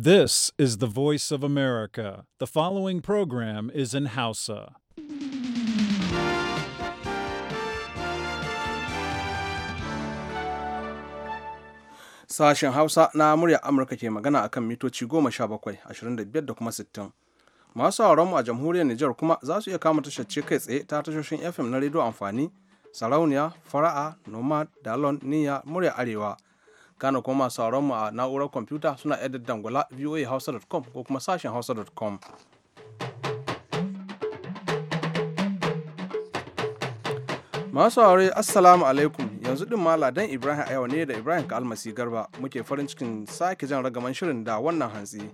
This is the voice of America. The following program is in Hausa. Sashen Hausa na murya Amurka ke magana a kan mitoci goma sha bakwai, ashirin da biyar da kuma sittin. Masu mu a jamhuriyar Nijar kuma za su iya kama tashar kai tsaye ta tashoshin FM na rediyo amfani, sarauniya, fara'a, nomad, dalon, niyya, murya arewa. Kana kuma masu sauran mu a na'urar kwamfuta suna iya daddangula voahausa.com ko kuma sashen hausa.com. Masu aure assalamu alaikum yanzu din ma ladan Ibrahim a yau ne da Ibrahim Kalmasi Garba muke farin cikin sake jan ragaman shirin da wannan hantsi.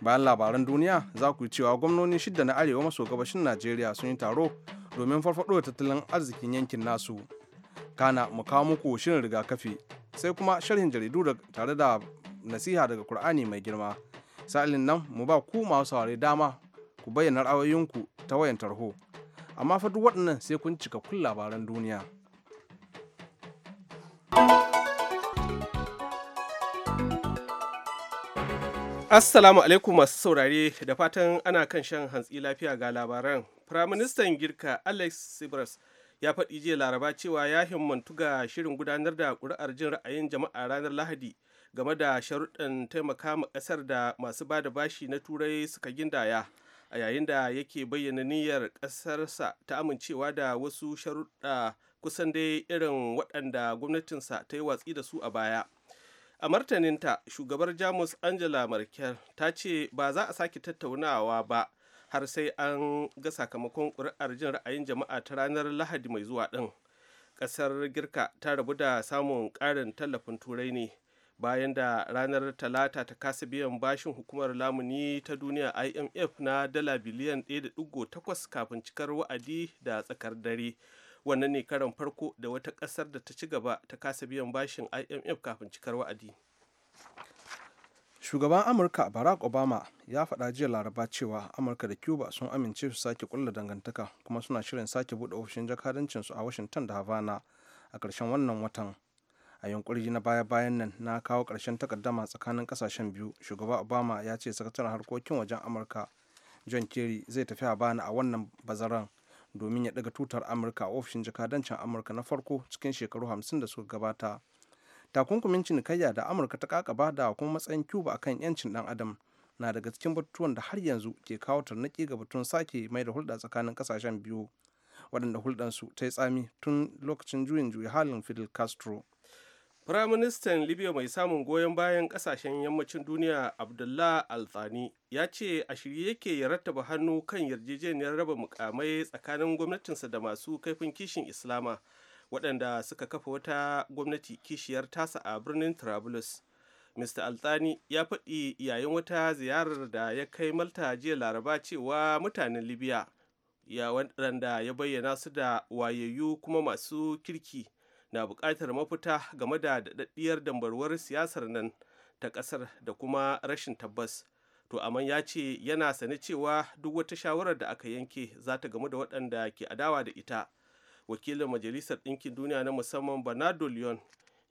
Bayan labaran duniya za ku cewa gwamnoni shidda na arewa maso gabashin Najeriya sun yi taro domin farfaɗo da tattalin arzikin yankin nasu. Kana mu kawo muku shirin rigakafi sai kuma sharhin jaridu tare da nasiha daga Kur'ani mai girma. Sa'ilin nan mu ba ku masu saurare dama ku bayyana ra'ayoyinku ta wayan tarho. Amma fa duk waɗannan sai kun cika kun labaran duniya. Assalamu alaikum masu saurare da fatan ana kan shan hantsi lafiya ga labaran. Firaministan Girka Alex Sibras ya faɗi jiya laraba cewa ya himmantu ga shirin gudanar da ƙuri'ar jin ra'ayin jama'a ranar lahadi game da sharuɗan taimaka ma ƙasar da masu ba da bashi na turai suka gindaya a yayin da yake bayyana niyyar ƙasarsa ta amincewa da wasu sharuɗa kusan dai irin waɗanda gwamnatinsa ta yi watsi da su a baya a martaninta shugabar jamus angela merkel ta ce ba za a sake tattaunawa ba har sai an ga sakamakon ƙuri'ar jin ra'ayin jama'a ta ranar lahadi mai zuwa ɗin ƙasar girka ta rabu da samun ƙarin tallafin turai ne bayan da ranar talata ta kasa biyan bashin hukumar lamuni ta duniya imf na dala biliyan 1.8 kafin cikar wa'adi da tsakar dare wannan ne karan farko da wata ƙasar da ta ci gaba ta kasa biyan bashin imf kafin cikar wa'adi shugaban amurka barack obama ya faɗa jiya laraba cewa amurka da cuba sun amince su sake kulla dangantaka kuma suna shirin sake buɗe ofishin jakadancinsu a washington da havana a ƙarshen wannan watan a yunkuri na baya-bayan nan na kawo ƙarshen takaddama tsakanin ƙasashen biyu shugaba obama ya ce sakataren harkokin wajen amurka john kerry zai tafi habana a wannan bazaran domin ya ɗaga tutar amurka a ofishin jakadancin amurka na farko cikin shekaru hamsin da suka gabata takunkumin cinikayya da amurka ta kakaba da kuma matsayin cuba akan yancin dan adam na daga cikin batutuwan da har yanzu ke kawo tarnaki ga batun sake mai da hulɗa tsakanin ƙasashen biyu waɗanda hulɗansu ta yi tsami tun lokacin juyin juya halin fidel castro Firaministan Libya mai samun goyon bayan kasashen yammacin duniya Abdullah Althani ya ce a shirye yake ya rattaba hannu kan yarjejeniyar raba mukamai tsakanin gwamnatinsa da masu kaifin kishin Islama waɗanda suka kafa wata gwamnati kishiyar tasa a birnin Trablus. Mr. Altani ya faɗi yayin wata ziyarar da ya kai Malta jiya Laraba cewa mutanen Libya ya waɗanda ya bayyana su da wayayyu kuma masu kirki na buƙatar mafita game da daɗaɗɗiyar dambarwar siyasar nan ta ƙasar da kuma rashin tabbas. To amma ya ce yana sane cewa duk wata shawarar da aka yanke za ta gamu da waɗanda ke adawa da ita. wakilin majalisar ɗinkin duniya na musamman bernardo leon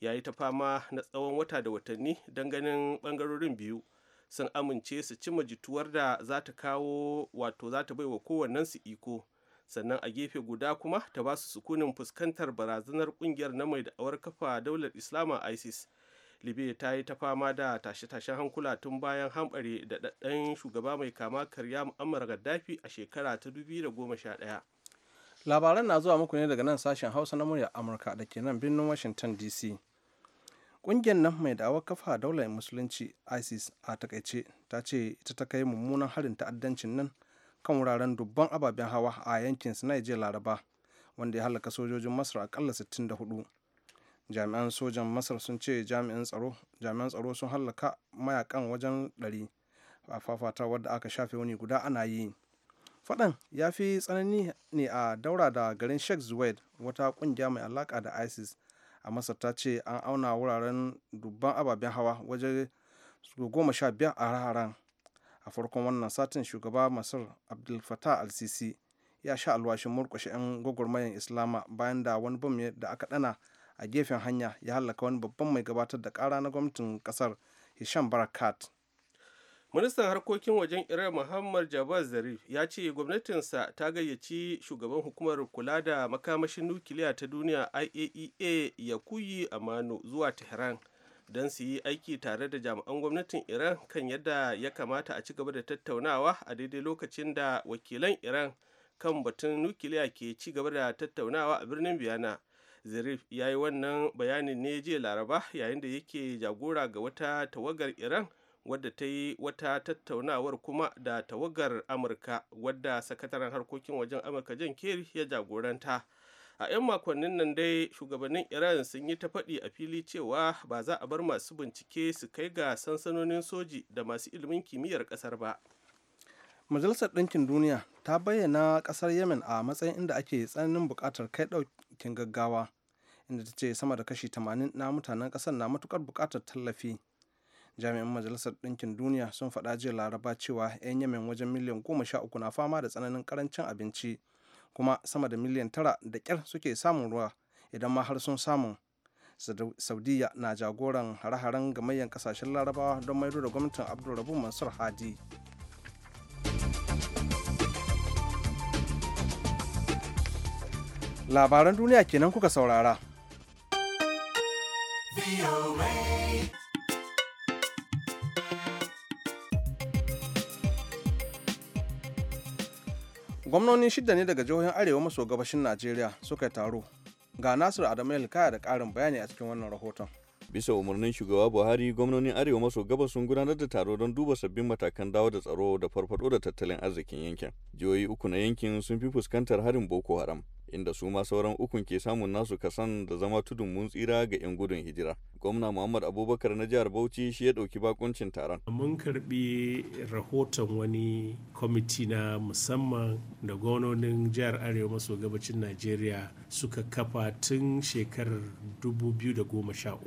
ya yi ta fama na tsawon wata da watanni don ganin ɓangarorin biyu sun amince su ci jituwar da za ta kawo wato za ta baiwa su iko sannan a gefe guda kuma ta ba su sukunin fuskantar barazanar kungiyar na mai da'awar kafa daular islama isis libya ta yi ta fama da tashe-tashen hankula tun bayan hambare da daɗaɗɗen shugaba mai kama karya mu'ammar gaddafi a shekara ta 2011 labaran na zuwa muku ne daga nan sashen hausa na murya amurka da ke nan birnin washington dc ƙungiyar nan mai da'awar kafa daular musulunci isis a takaice ta ce ita ta kai mummunan harin ta'addancin nan kan wuraren dubban ababen hawa a yankin jiya laraba wanda ya halaka sojojin masar akalla 64 jami'an sojan masar sun ce jami'an tsaro sun halaka mayakan wajen 100 a fafata wadda aka shafe wani guda ana yi faɗan ya fi tsanani ne a daura da garin sheikh zuwaid wata kungiya mai alaka da isis a masar ta ce an auna wuraren dubban ababen hawa wajen goma sha biyar a raharan a farkon wannan satin shugaba masar abdul fatah al-sisi ya sha alwashin murkushe 'yan gwagwarmayan islama bayan da wani bam da aka dana a gefen hanya ya halaka wani babban mai gabatar da kara na gwamnatin kasar hisham barakat ministan harkokin wajen iran muhammad jabaz zarif ya ce gwamnatinsa ta gayyaci shugaban hukumar kula da makamashin nukiliya ta duniya iaea ya kuyi amano zuwa tehran don su yi aiki tare da jami'an gwamnatin iran kan yadda ya kamata a ci gaba da tattaunawa a daidai lokacin da wakilan iran kan batun nukiliya ke ci gaba da tattaunawa a birnin biyana zarif ya yi wannan bayanin ne jiya laraba yayin da yake jagora ga wata tawagar iran wadda ta yi wata tattaunawar kuma da tawagar amurka wadda sakataren harkokin wajen amurka jan kerry ya jagoranta a 'yan makonnin nan dai shugabannin iran sun yi ta faɗi a fili cewa ba za a bar masu bincike su kai ga sansanonin soji da masu ilimin kimiyyar ƙasar ba majalisar ɗinkin duniya ta bayyana ƙasar yemen a matsayin inda ake tsananin buƙatar kai ɗaukin gaggawa inda ta ce sama da kashi 80 na mutanen ƙasar na matuƙar buƙatar tallafi jami'an majalisar ɗinkin duniya sun faɗa jiya laraba cewa 'yan yamen wajen miliyan goma sha uku na fama da tsananin karancin abinci kuma sama da miliyan tara da kyar suke samun ruwa idan ma har sun samu saudiya na jagoran hare-haren gamayyar ƙasashen larabawa don maido da gwamnatin abdulrabu mansur hadi labaran duniya kenan kuka saurara. gwamnoni shida ne daga jihohin arewa maso gabashin najeriya suka taro ga nasiru adamu kaya da karin bayani a cikin wannan rahoton bisa umarnin shugaba buhari gwamnonin arewa maso gabas sun gudanar da taro don duba sabbin matakan dawo da tsaro da farfado da tattalin arzikin yankin jihohi uku na yankin sun fi fuskantar harin boko haram inda su ma sauran ukun ke samun nasu kasan da zama tudun mun tsira ga 'yan gudun hijira. Gwamna Muhammad Abubakar na jihar Bauchi shi ya ɗauki bakuncin taron. Mun karbi rahoton wani kwamiti na musamman da gwamnonin jihar Arewa maso gabacin Najeriya suka kafa tun shekarar 2013.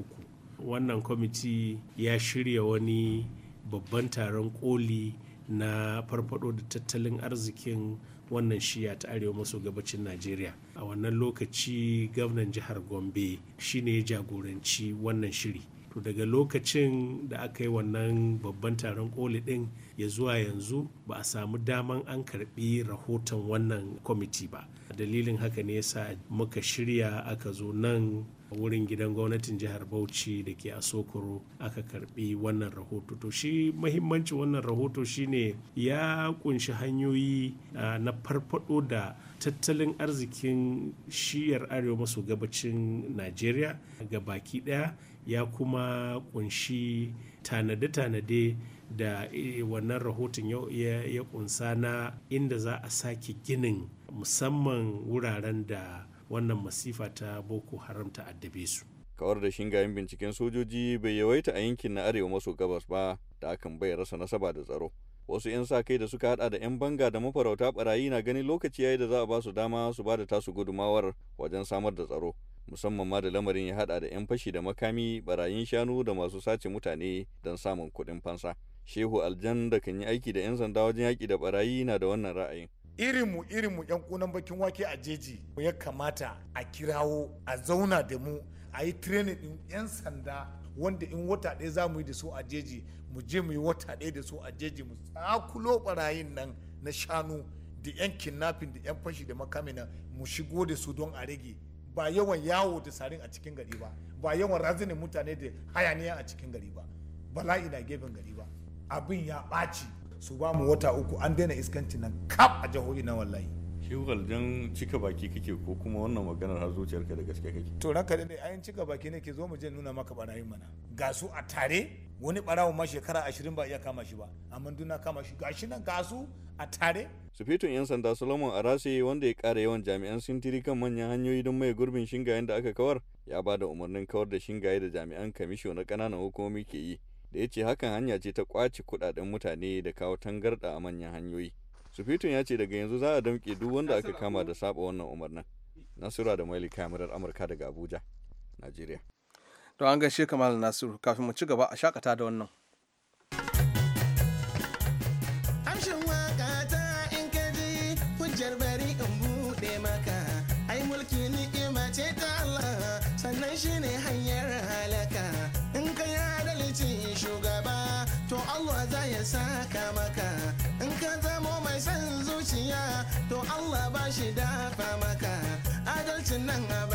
Wannan kwamiti ya shirya wani babban taron koli na farfado da tattalin arzikin wannan shiya ta arewa maso gabacin najeriya a wannan lokaci gwamnan jihar gombe shine ya jagoranci wannan shiri to daga lokacin da aka yi wannan babban taron koli din ya zuwa yanzu ba a samu daman an karbi rahoton wannan kwamiti ba dalilin haka ne yasa muka shirya aka zo nan a wurin gidan gwamnatin jihar bauchi da ke a sokoro aka karbi wannan rahoto to shi mahimmancin wannan rahoto shine ya kunshi hanyoyi na farfado da tattalin arzikin shiyar arewa maso gabacin najeriya ga baki daya ya kuma kunshi tanade-tanade da e, wannan rahoton ya kunsa na inda za a sake ginin musamman wuraren da wannan masifa ta boko haram ta addabe su kawar da shingayen binciken sojoji bai yawaita a yankin na arewa maso gabas ba da akan bai rasa nasaba da tsaro wasu 'yan sa kai da suka hada da 'yan banga da mafarauta barayi na ganin lokaci yayi da za a ba su dama su ba da tasu gudumawar wajen samar da tsaro musamman ma da lamarin ya hada da 'yan fashi da makami barayin shanu da masu sace mutane don samun kuɗin fansa shehu aljan da kan yi aiki da 'yan sanda wajen yaƙi da barayi na da wannan ra'ayin Irin irin mu yan kunan bakin wake a jeji ya kamata a kirawo a zauna da mu a yi training din yan sanda wanda in wata ɗaya za mu yi da su a jeji mu je mu yi wata ɗaya da su a jeji mu tsakulo barayin nan na shanu da yan kidnapping da yan fashi da makami nan mu shigo da su don a rage ba yawan yawo da sarin a cikin gari ba ba yawan razinin mutane da hayaniya a cikin gari ba bala'i na gefen gari ba abin ya ɓaci su ba mu wata uku an daina iskanci nan kaf a jahohi na wallahi shiwal don cika baki kake ko kuma wannan maganar har zuciyarka da gaske kake to ranka da ayin cika baki ne ke zo mu je nuna maka barayin mana ga su a tare wani barawo ma shekara ashirin ba iya kama shi ba amma duna kama shi gashi nan ga su a tare sufetun 'yan sanda solomon arase wanda ya kara yawan jami'an sintiri kan manyan hanyoyi don mai gurbin shingayen da aka kawar ya ba da umarnin kawar da shingaye da jami'an kamisho na ƙananan hukumomi ke yi da ya ce hakan hanya ce ta kwace kudaden mutane da kawo tangarɗa a manyan hanyoyi. Sufitun ya ce daga yanzu za a damke duk wanda aka kama da saba wannan umarnin. Nasura da Maili kamarar Amurka daga Abuja, Najeriya. To an gaishe Kamal Nasiru kafin mu ci gaba a shakata da wannan. nanga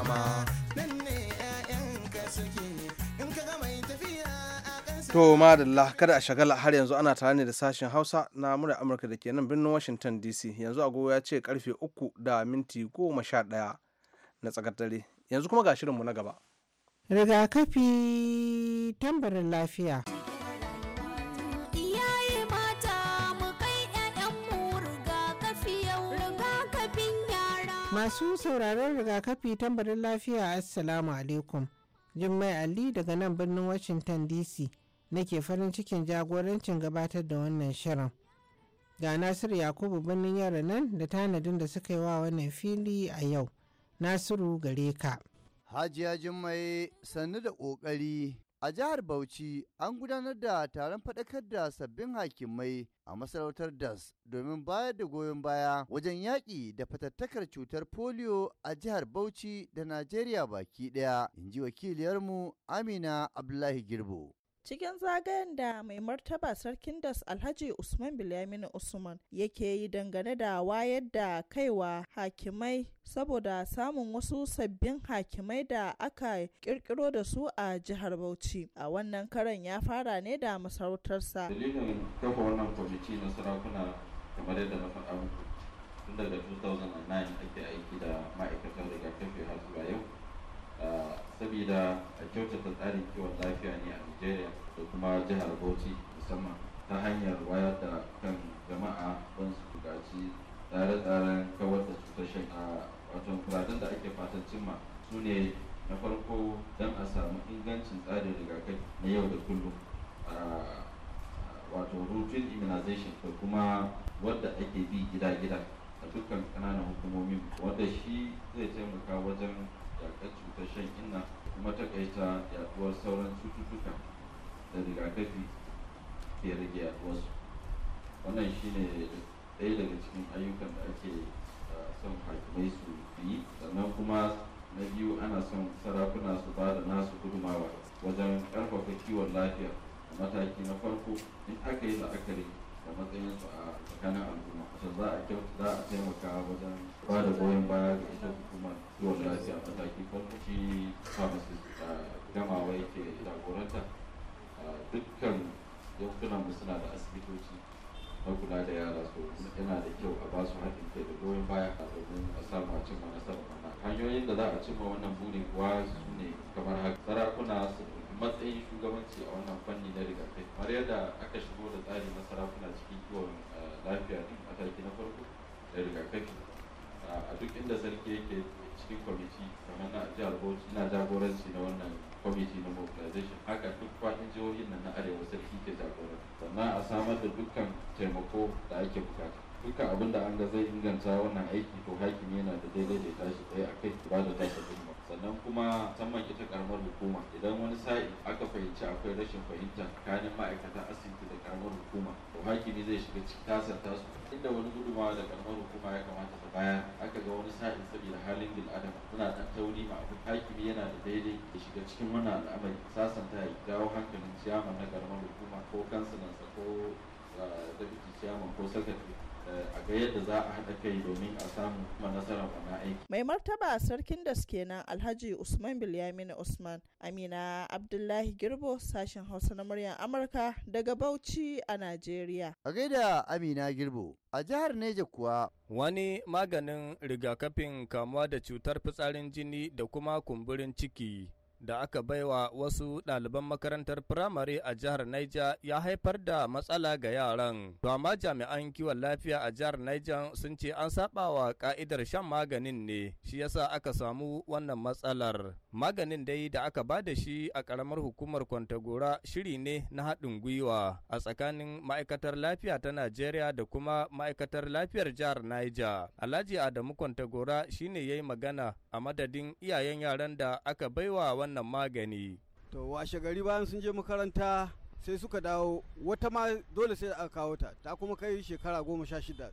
dama nan ne 'ya'yanka suke in kada a shagala har yanzu ana tare ne da sashen hausa na murar amurka da ke nan birnin washington dc yanzu agogo ya ce karfe uku da minti goma sha ɗaya na tsakar dare yanzu kuma ga shirinmu na gaba rigakafi tambarin lafiya Masu sauraron rigakafi tambarin lafiya Assalamu alaikum. Jummai Ali daga nan birnin Washington DC nake farin cikin jagorancin gabatar da wannan shirin. Ga Nasiru Yakubu birnin yara nan da tanadin da suka yi wa wannan fili a yau. Nasiru gare ka. Hajiya Jummai sannu da ƙoƙari A jihar Bauchi an gudanar da taron faɗakar da sabbin hakimai a masarautar DAS domin bayar da goyon baya wajen yaƙi da fatattakar cutar polio a jihar Bauchi da Najeriya baki ɗaya, in ji wakiliyarmu Amina Abdullahi Girbo. cikin zagayen da mai martaba sarkin das alhaji usman bilamini usman yake yi dangane da wayar da kaiwa hakimai saboda samun wasu sabbin hakimai da aka kirkiro da su a jihar bauchi a wannan karan ya fara ne da masarautarsa dalilin kafa wannan kwamiti na sarakuna kamar yadda na faɗa muku tun daga 2009 ake aiki da ma'aikatan rigakafi har zuwa yau saboda a kyautata tsarin kiwon lafiya ne a nigeria da kuma jihar bauchi musamman ta hanyar wayar da kan jama'a don su buƙaci tsare-tsaren kawar da cutar shan wato muradun da ake fatan cimma su ne na farko don a samu ingancin tsarin rigakafi na yau da kullum wato routine immunization da kuma wadda ake bi gida-gida a dukkan ƙananan hukumomin wanda shi zai taimaka wajen yaƙar cutar shan inna kuma takaita yaduwar sauran cututtuka da rigakafi ke rage yaduwarsu wannan shine ɗaya daga cikin ayyukan da ake ah, son hakimai su yi sannan kuma na biyu ana son sarakuna su ba da nasu gudumawa wajen ƙarfafa kiwon lafiya a mataki na farko in aka yi la'akari da matsayin su a tsakanin al'umma da za a kyauta za taimaka wajen bada goyon baya ga ita hukumar kiwon lafiya mataki farko shi pharmacist da gamawa yake jagoranta dukkan yankunan mu suna da asibitoci na kula da yara so yana da kyau a basu haɗin kai da goyon baya domin a samu a cimma nasarar wannan hanyoyin da za a cimma wannan burin kuwa su ne kamar haka sarakuna su matsayin shugabanci a wannan fanni na rigakafi kamar yadda aka shigo da tsari na sarakuna cikin kiwon eh, lafiya din mataki na farko da rigakafi a duk inda sarki yake cikin kwamiti kamar na jihar bauchi na jagoranci na wannan kwamiti na mobilization haka duk faɗin jihohin nan na arewa sarki ke jagoranci sannan a samar da dukkan taimako da ake bukata dukkan abin da an ga zai inganta wannan aiki to hakimi yana da daidai da tashi ɗaya a kai ba da tashi sannan kuma musamman ita karamar hukuma idan wani sa'i aka fahimci akwai rashin fahimta kanin ma'aikatan asibiti da karamar hukuma to hakimi zai shiga cikin tasar tasu inda wani guduma da karamar hukuma ya kamata ta baya aka ga wani sa'in saboda halin bil adam suna dan tauri ma abin hakimi yana da daidai ya shiga cikin wannan al'amari sasanta ya dawo hankalin ciyaman na karamar hukuma ko kansilansa ko ah, da ciyaman ko sakatare a za a haɗa kai Mai martaba sarkin da kenan Alhaji Usman Bilyamina Usman Amina Abdullahi Girbo sashen Hausa na muryar Amurka daga Bauchi a Najeriya. A gaida Amina Girbo. A jihar Neja kuwa wani maganin rigakafin kamuwa da cutar fitsarin jini da kuma kumburin ciki da aka baiwa wasu ɗaliban makarantar firamare a jihar Niger ya haifar da matsala ga yaran. Dama jami'an kiwon lafiya a jihar Niger sun ce an saba wa ka'idar shan maganin ne, shi yasa aka samu wannan matsalar. Maganin dai da aka ba da shi a ƙaramar hukumar Kwantagora shiri ne na haɗin gwiwa a tsakanin ma'aikatar lafiya ta Najeriya da kuma ma'aikatar lafiyar jihar Niger. Alhaji Adamu Kwantagora shine ya yi magana a madadin iyayen yaran da aka baiwa wannan magani to washe gari bayan sun je makaranta sai suka dawo wata ma dole sai aka kawo ta ta kuma kai shekara goma sha shida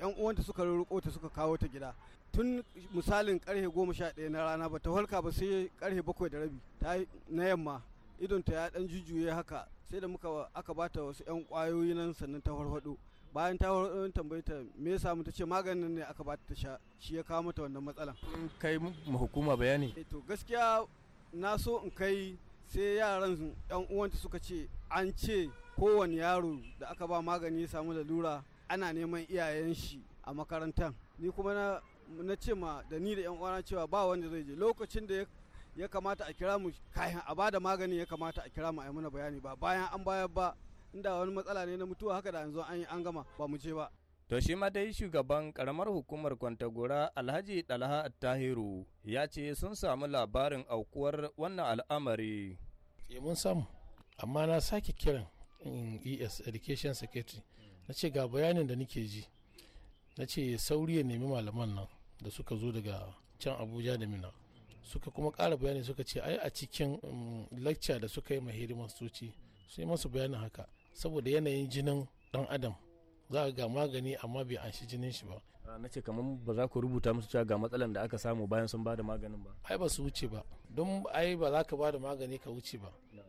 yan uwanta suka rurruko ta suka kawo ta gida tun misalin karfe goma sha ɗaya na rana ba ta halka ba sai karfe bakwai da rabi ta na yamma idon ta ya dan jujuye haka sai da muka aka bata wasu yan kwayoyi nan sannan ta farfado bayan ta farfado tambaye ta me yasa mu tace maganin ne aka bata ta sha shi ya kawo mata wannan matsalan kai mu hukuma bayani eh, to gaskiya na so in kai sai yaran yan uwanta suka ce an ce kowane yaro da aka ba magani ya samu lalura ana neman iyayen shi a makarantar ni kuma na ce ma da ni da yan uwana cewa ba wanda zai je lokacin da ya kamata a kira mu kayan a bada magani ya kamata a kira mu a mana bayani ba bayan an bayar ba inda wani matsala ne na mutuwa haka da yanzu an yi an gama ba mu je ba To shi ma dai shugaban karamar hukumar Kwantagora Alhaji Dalha Tahiru ya ce sun samu labarin aukuwar wannan al'amari. Eh, mun samu, amma na sake kiran in mm, ES Education Secretary na ce ga bayanin da nake ji na ce sauri ya nemi malaman nan da suka zo daga can Abuja da Mina. suka kuma ƙara bayani suka ce ai a cikin mm, lacca da suka yi mahiri masoci sai masu bayanin haka saboda yanayin jinin dan adam za ga magani amma bai anshi jinin shi ba ah, na ce kamar ba za ku rubuta musu cewa ga matsalar da aka samu bayan sun ba da maganin ba ai ba su wuce ba don ai ba za ka ba da magani ka wuce ba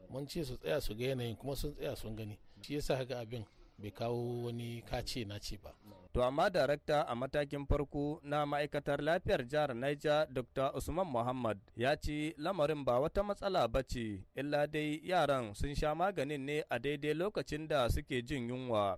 mun ce su tsaya su ga yanayin kuma sun tsaya sun gani shi yasa ga abin bai kawo wani kace na ce ba. To amma darakta a matakin farko na ma'aikatar lafiyar jihar Niger Dr. Usman Muhammad ya ce lamarin ba wata matsala ba ce, illa dai yaran sun sha maganin ne a daidai lokacin da suke jin yunwa.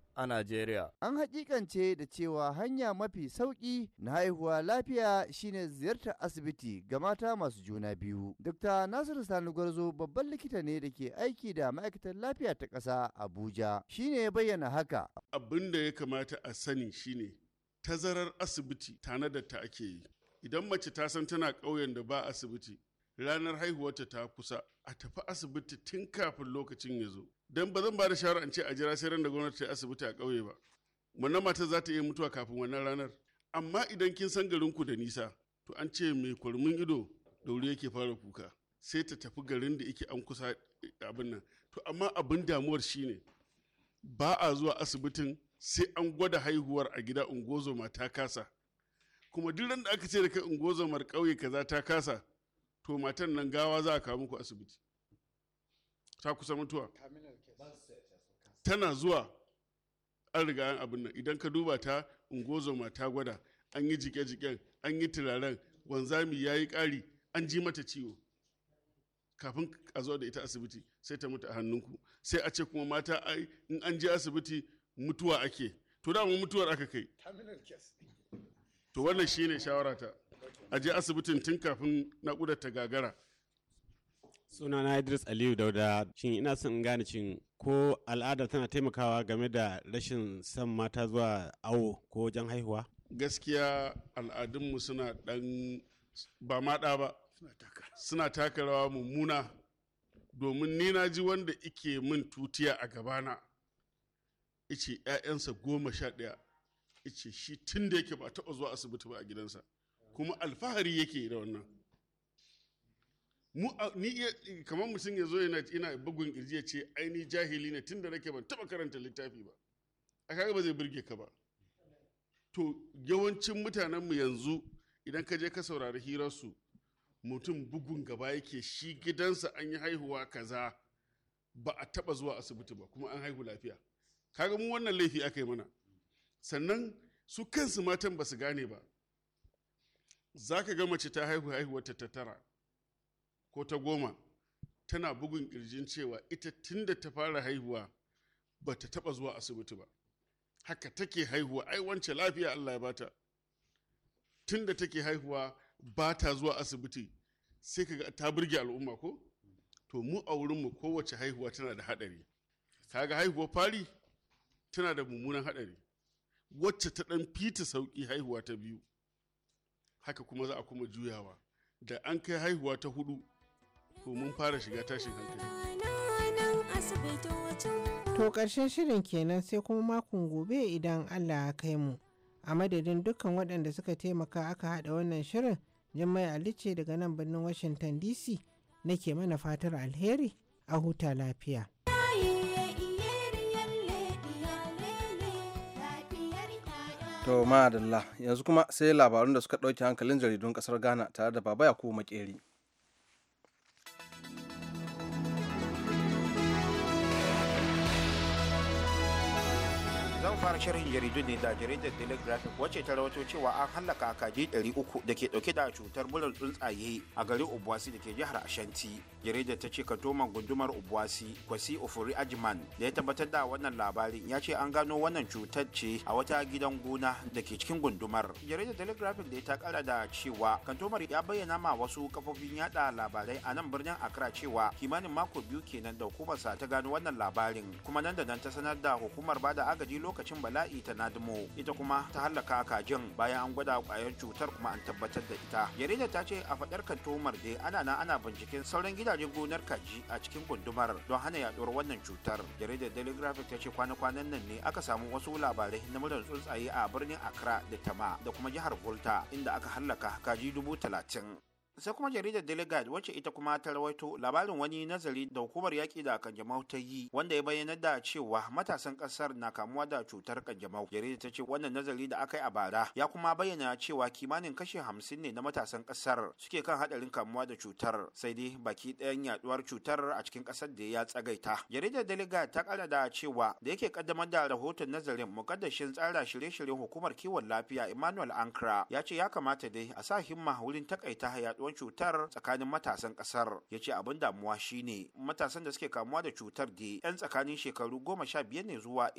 a Najeriya. An hakikance da cewa hanya mafi sauƙi na haihuwa lafiya shine ziyartar asibiti ga mata masu juna biyu. Dr. Nasiru Sani Gwarzo babban likita ne da ke aiki da ma'aikatar lafiya ta ƙasa Abuja. shine ya bayyana haka. Abin da ya kamata a sani shine tazarar asibiti da ta ake yi. Idan mace ta san tana ƙauyen da ba asibiti, ranar haihuwarta ta kusa a tafi asibiti tun kafin lokacin ya zo don ba zan ba da shawara an ce a jira sai ran da gwamnati ta asibiti a ƙauye ba wannan mata za ta iya mutuwa kafin wannan ranar amma idan kin san garin ku da nisa to an ce mai kurmin ido da wuri yake fara kuka sai ta tafi garin da yake an kusa eh, abin nan to amma abin damuwar shine ba a zuwa asibitin sai an gwada haihuwar a gida ungozoma ta kasa kuma duk da aka ce da kai ungozomar ƙauye kaza ta kasa to matan nan gawa za a kawo muku asibiti ta kusa mutuwa tana zuwa an riga an abin nan idan ka duba ta ungozoma ta gwada an yi jike-jiken an yi turaren wanzami ya yi ƙari an ji mata ciwo kafin a zo da ita asibiti sai ta mutu a hannunku sai a ce kuma mata in an je asibiti mutuwa ake to mu mutuwar aka kai to wannan shine shawara ta a je asibitin tun kafin naƙudar ta gagara suna na idris aliyu dauda shi ina son in gane cin ko al'ada tana taimakawa game da rashin son mata zuwa awo ko wajen haihuwa gaskiya al'adunmu suna ɗan ba maɗa ba suna taka rawa mummuna domin ni na ji wanda ike min tutiya a gabana ice 'ya'yansa goma sha ɗaya ice shi tun da yake ba taɓa zuwa asibiti ba a gidansa kuma alfahari yake da wannan kamar mutum ya zo yana ina bugun kirji ya ce ai jahili ne tunda nake ban taba karanta littafi ba a kaga ba zai burge ka ba to yawancin mutanen mu yanzu idan ka je ka saurari hirar su mutum bugun gaba yake shi gidansa an yi haihuwa kaza ba a taba zuwa asibiti ba kuma an haihu lafiya kaga mu wannan laifi aka yi mana sannan su kansu matan ba su gane ba za ka ga mace ta haihu haihuwarta ta tara ko ta goma tana bugun ƙirjin cewa ita tun ta fara haihuwa ba ta taɓa zuwa asibiti ba haka take haihuwa ai wance lafiya Allah ya bata tun da take haihuwa ba ta zuwa asibiti sai ka ga ta burge al'umma ko to mu a wurinmu kowace haihuwa tana da haɗari kaga haihuwar fari tana da mummunan haɗari wacce ta ɗan fita sauƙi haihuwa ta biyu haka kuma za a kuma juyawa da an kai haihuwa ta hudu to mun fara shiga tashin hankali To ƙarshen shirin kenan sai kuma makon gobe idan Allah ya kai mu. A madadin dukkan waɗanda suka taimaka aka haɗa wannan shirin, jima'i Ali ce daga nan birnin Washington DC nake mana fatar alheri a huta lafiya. To madalla yanzu kuma sai labarun da suka ɗauki hankalin jaridun ƙasar Ghana tare da Baba Yakubu Makeri. fara shirin jaridu ne da jaridar daily wacce ta rawato cewa an hallaka kaji 300 da ke dauke da cutar murar tsuntsaye a garin obuasi da ke jihar ashanti jaridar ta ce katoman gundumar obuasi kwasi ofuri ajiman da ya tabbatar da wannan labarin ya ce an gano wannan cutar ce a wata gidan gona da ke cikin gundumar jaridar daily da ta kara da cewa kantomar ya bayyana ma wasu kafofin yada labarai a nan birnin accra cewa kimanin mako biyu kenan da hukumarsa ta gano wannan labarin kuma nan da nan ta sanar da hukumar bada agaji lokacin kacin bala'i ta nadimo ita kuma ta hallaka kajin bayan an gwada kwayar cutar kuma an tabbatar da ita jarida ta ce a fadar kantomar ana na ana binciken sauran gidajen gonar kaji a cikin gundumar don hana yaduwar wannan cutar jaridar daily graphic ta ce kwana-kwanan nan ne aka samu wasu labarai na murar tsuntsaye a birnin accra da tama da kuma jihar volta inda aka hallaka kaji dubu talatin sai kuma jaridar delegate wacce ita kuma ta rawaito labarin wani nazari da hukumar yaƙi da kanjamau ta yi wanda ya bayyana da cewa matasan ƙasar na kamuwa da cutar kanjamau jaridar ta ce wannan nazari da aka yi a bara ya kuma bayyana cewa kimanin kashi hamsin ne na matasan ƙasar suke kan haɗarin kamuwa da cutar sai dai baki ɗayan yaɗuwar cutar a cikin ƙasar da ya tsagaita jaridar delegate ta ƙara da cewa da yake ƙaddamar da rahoton nazarin mukaddashin tsara shirye-shiryen hukumar kiwon lafiya emmanuel ankara ya ce ya kamata dai a sa himma wurin takaita yaɗuwar yaduwar cutar tsakanin matasan kasar ya ce abin damuwa shine matasan da suke kamuwa da cutar da 'yan tsakanin shekaru goma sha biyar ne zuwa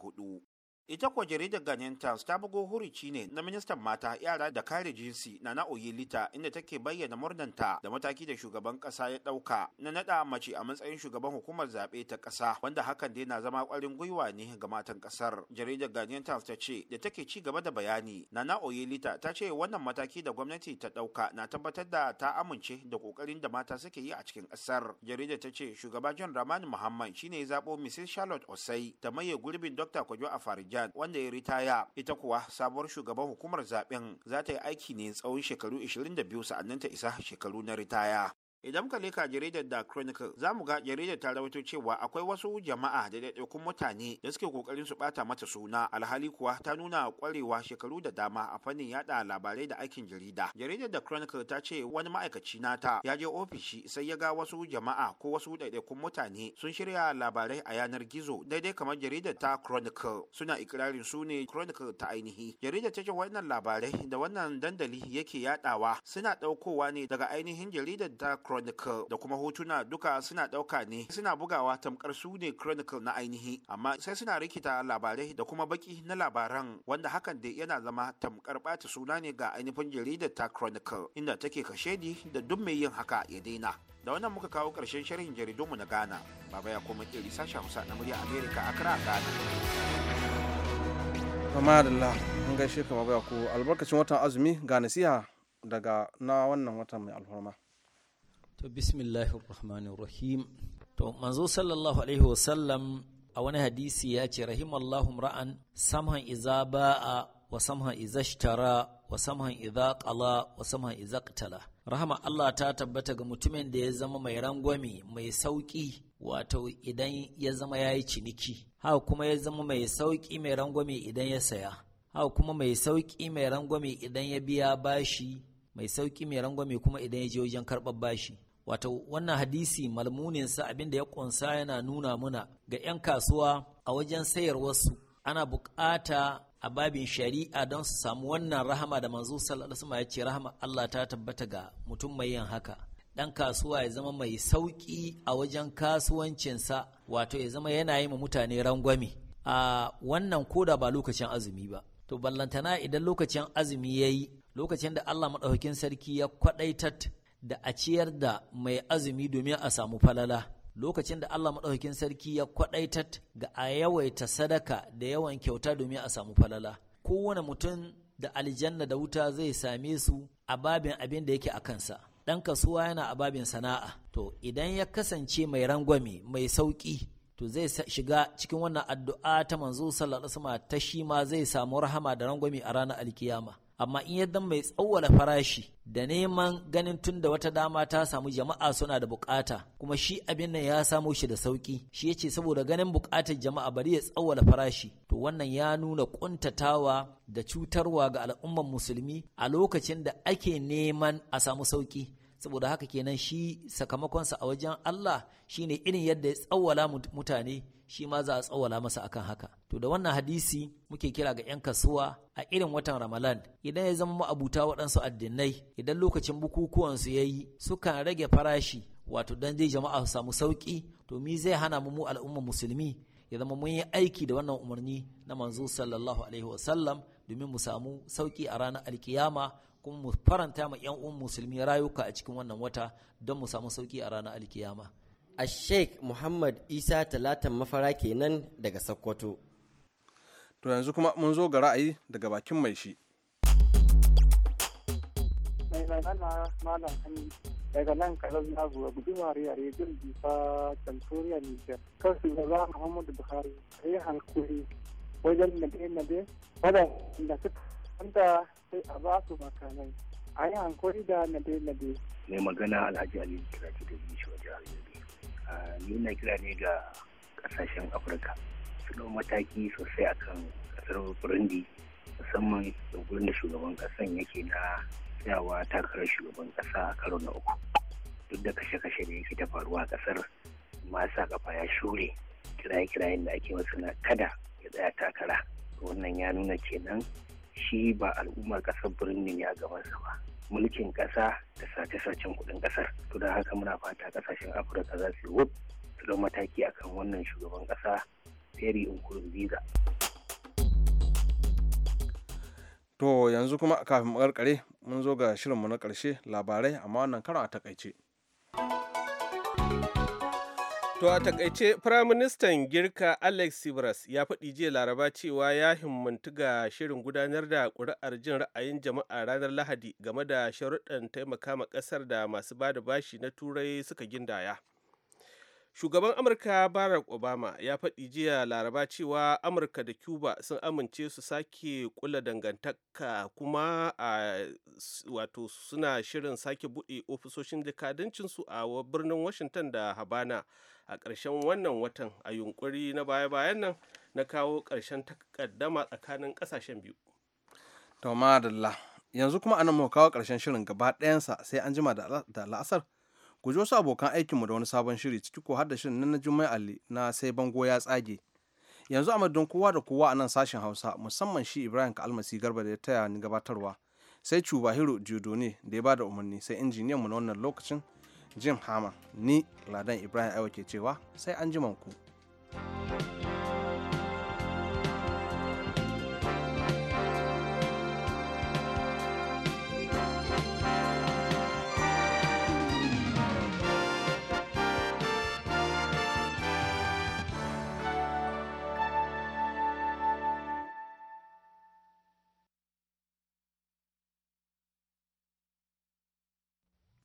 hudu. ita kuwa jaridar ganyen Times ta bugo hurici ne na ministan mata yara da kare jinsi Nana Oyelita inda take bayyana murnanta da mataki da shugaban kasa ya dauka na nada mace a matsayin shugaban hukumar zabe ta kasa wanda hakan dai na zama kwarin gwiwa ne ga matan kasar jaridar ganyen Times ta ce da take ci gaba da bayani Nana Oyelita ta ce wannan mataki da gwamnati ta dauka na tabbatar da ta amince da kokarin da mata suke yi a cikin kasar jaridar ta ce shugaba John Ramani Muhammad shine ya zabo Mrs Charlotte Osei ta maye gurbin Dr. Kwajo Afarija Amjad wanda ya ritaya ita kuwa sabuwar shugaban hukumar zaben za ta yi aiki ne tsawon shekaru 22 sa'annan ta isa shekaru na ritaya. Idan muka leka jaridar da Chronicle za mu ga jaridar ta rawaito cewa akwai wasu jama'a da ɗaiɗaikun mutane da suke kokarin su ɓata mata suna alhali kuwa ta nuna ƙwarewa shekaru da dama a fannin yada labarai da aikin jarida. Jaridar da Chronicle ta ce wani ma'aikaci nata ya je ofishi sai ya ga wasu jama'a ko wasu ɗaiɗaikun mutane sun shirya labarai a yanar gizo daidai kamar jaridar ta Chronicle suna ikirarin su ne Chronicle ta ainihi. Jaridar ta ce wannan labarai da wannan dandali yake yadawa suna ɗaukowa ne daga ainihin jaridar da Chronicle chronicle da kuma hotuna duka suna ɗauka ne suna bugawa tamkar su ne chronicle na ainihi amma sai suna rikita labarai da kuma baki na labaran wanda hakan da yana zama tamkar bata suna ne ga ainihin jaridar ta chronicle inda take kashedi da duk mai yin haka ya daina da wannan muka kawo ƙarshen sharhin jaridunmu na ghana baba ya koma ƙiri sashen hausa na murya america kira ghana kama da an gaishe baba ya ko albarkacin watan azumi ga nasiha daga na wannan watan mai alfarma. to bismillahir rahmanir rahim to manzo sallallahu alaihi wa sallam a wani hadisi ya ce rahimallahu ra'an samhan iza ba'a wa samhan iza ishtara wa samhan iza qala wa samhan iza qtala rahama Allah ta tabbata ga mutumin da ya zama mai rangwame mai sauki wato idan ya zama ya yi ciniki haka kuma ya zama mai sauki mai rangwame idan ya saya haka kuma mai sauki mai rangwame idan ya biya bashi mai sauki mai rangwame kuma idan ya je wajen karɓar bashi wato wannan hadisi malmuninsa abinda ya ƙunsa yana nuna muna ga 'yan kasuwa a wajen sayarwarsu ana bukata a babin shari'a don su samu wannan rahama da manzo sallallahu ya ce rahama Allah ta tabbata ga mutum mai yin haka ɗan kasuwa ya zama mai sauƙi a wajen kasuwancinsa wato ya zama yana yi ma mutane rangwami. a wannan koda ba lokacin azumi ba to ballantana idan lokacin azumi ya yi lokacin da Allah maɗaukakin sarki ya kwaɗaitat da a ciyar da mai azumi domin a samu falala lokacin da Allah maɗaukakin sarki ya kwaɗaitar ga a yawaita sadaka da yawan kyauta domin a samu falala kowane mutum da aljanna da wuta zai same su a babin abin da yake a kansa ɗan kasuwa yana a babin sana'a to idan ya kasance mai rangwame mai sauƙi to zai shiga cikin wannan addu'a ta manzo sallallahu alaihi ta shi ma zai samu rahama da rangwame a ranar alkiyama amma in yadda mai tsawwala farashi da neman ganin tun da wata dama ta samu jama'a suna da bukata kuma shi abin nan ya samo shi da sauki shi ya ce saboda ganin bukatar jama'a bari ya tsawwala farashi to wannan ya nuna kuntatawa da cutarwa ga al'umman musulmi a lokacin da ake neman a samu sauki saboda haka kenan shi sakamakonsa a wajen Allah shine irin yadda ya tsawala mutane shi ma za a tsawwala masa akan haka to da wannan hadisi muke kira ga 'yan kasuwa a irin watan ramadan idan ya zama abuta waɗansu addinai idan lokacin bukukuwansu ya yi sukan rage farashi wato dan dai jama'a samu sauƙi to mi zai hana mu al'umma musulmi ya zama mun yi aiki da wannan umarni na manzo sallallahu alaihi wasallam domin mu samu sauƙi a ranar alkiyama kuma mu faranta ma yan uwan musulmi rayuka a cikin wannan wata don mu samu sauki a ranar alkiyama a sheikh muhammad isa talatan mafara kenan daga sokoto to yanzu kuma mun zo ga ra'ayi daga bakin mai shi mai magana malam hannu daga nan kalar na zuwa gudumar a jin bisa cantoriya nijar kan su da za muhammadu buhari a yi hankali wajen nade-nade wadanda suka wanda sai a ba su makamai a yi hankali da nade-nade. mai magana alhaji aliyu kira da gari shi wajen yobe ni na kira ne ga kasashen afirka su ɗau mataki sosai akan ƙasar burundi musamman yankunan da shugaban ƙasan yake na tsayawa takarar shugaban ƙasa a karo na uku duk da kashe-kashe da yake ta faruwa a ƙasar ma sa kafa ya shure kiraye-kirayen da ake masu na kada ya tsaya takara wannan ya nuna kenan shi ba al'ummar ƙasar birnin ya gabansa ba mulkin ƙasa da sace-sacen kudin ƙasar to don haka muna fata ƙasashen afirka za su yi su ɗau mataki akan wannan shugaban ƙasa Pierre Nkurunziza. To yanzu kuma kafin mu karkare mun zo ga shirin mu na karshe labarai amma wannan karo a takaice. To a takaice Firaministan Girka Alex Sibras ya faɗi jiya Laraba cewa ya himmantu ga shirin gudanar da ƙuri'ar jin ra'ayin jama'a ranar Lahadi game da sharuɗan taimaka ma ƙasar da masu ba da bashi na Turai suka gindaya. Shugaban Amurka Barack Obama ya faɗi jiya Laraba cewa Amurka da Cuba sun amince su sake kula dangantaka kuma a wato suna shirin sake buɗe ofisoshin jakadancinsu a birnin Washington da Habana. a ƙarshen wannan watan a yunkuri na baya-bayan nan na kawo ƙarshen takaddama tsakanin ƙasashen biyu. To madalla yanzu kuma anan mu kawo ƙarshen shirin gaba ɗayansa sai an jima da la'asar. Ku ji wasu abokan aikinmu da wani sabon shiri ciki ko har da shirin na Jummai Ali na sai bango ya tsage. Yanzu a madadin kowa da kowa a nan sashen Hausa musamman shi Ibrahim Kalmasi Garba da ya taya ni gabatarwa. Sai Cuba Hiro Jodone da ya bada umarni sai injiniyan mu na wannan lokacin jim hama ni ladan ibrahim aiwa ke cewa sai an ku.